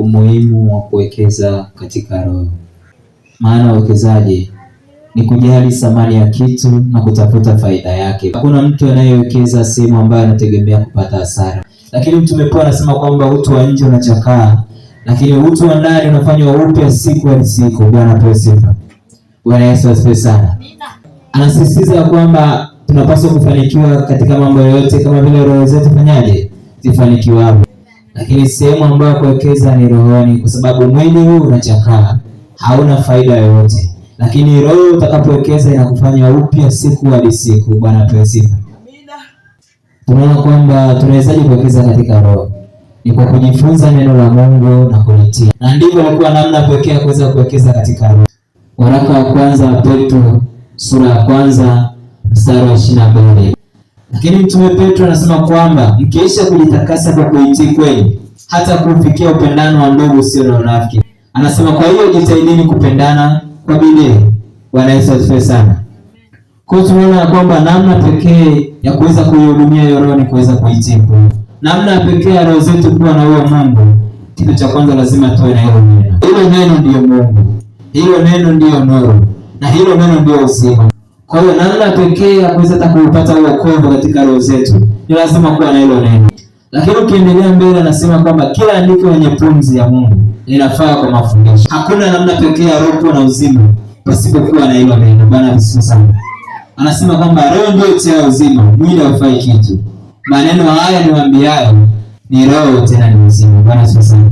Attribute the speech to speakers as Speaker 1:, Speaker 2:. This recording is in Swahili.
Speaker 1: umuhimu wa kuwekeza katika roho. Maana uwekezaji ni kujali thamani ya kitu na kutafuta faida yake. Hakuna mtu anayewekeza sehemu ambayo anategemea kupata hasara. Lakini Mtume Paulo anasema kwamba utu wa nje unachakaa, lakini utu wa ndani unafanywa upya siku hadi siku. Bwana apewe sifa. Bwana Yesu asifiwe sana. Anasisitiza kwamba tunapaswa kufanikiwa katika mambo yote, kama vile roho zetu fanyaje zifanikiwavyo lakini sehemu ambayo kuwekeza ni rohoni, kwa sababu mwili huu unachakaa, hauna faida yoyote, lakini roho utakapowekeza inakufanya upya siku hadi siku. Bwana apewe sifa. Tunaona kwamba tunawezaje kuwekeza katika roho? Ni kwa kujifunza neno la Mungu na kulitii, na ndivyo ilikuwa namna pekee ya kuweza kuwekeza katika roho. Waraka wa kwanza Petro sura ya kwanza mstari wa ishirini na mbili. Lakini Mtume Petro anasema kwamba mkiisha kujitakasa kwa kuitii kweli hata kufikia upendano wa ndugu usio na unafiki. Anasema kwa hiyo jitahidini kupendana kwa bidii. Bwana Yesu asifiwe sana. Kwa hiyo tunaona kwamba namna pekee ya kuweza kuihudumia hiyo roho ni kuweza kuitii. Namna pekee ya roho zetu kuwa na huyo Mungu, kitu cha kwanza lazima tuwe na hilo neno. Hilo neno ndiyo Mungu, hilo neno ndiyo nuru, na hilo neno ndiyo uzima. Kwa hiyo namna pekee ya kuweza hata kuupata wokovu katika roho zetu ni lazima kuwa na hilo neno. Lakini ukiendelea mbele, anasema kwamba kila andiko lenye pumzi ya Mungu linafaa kwa mafundisho. Hakuna namna pekee ya roho kuwa na uzima pasipokuwa na hilo neno. Bwana asifiwe sana anasema kwamba roho ndio tia uzima, mwili haufai kitu. Maneno haya niwaambiayo ni roho, tena ni uzima. Bwana asifiwe sana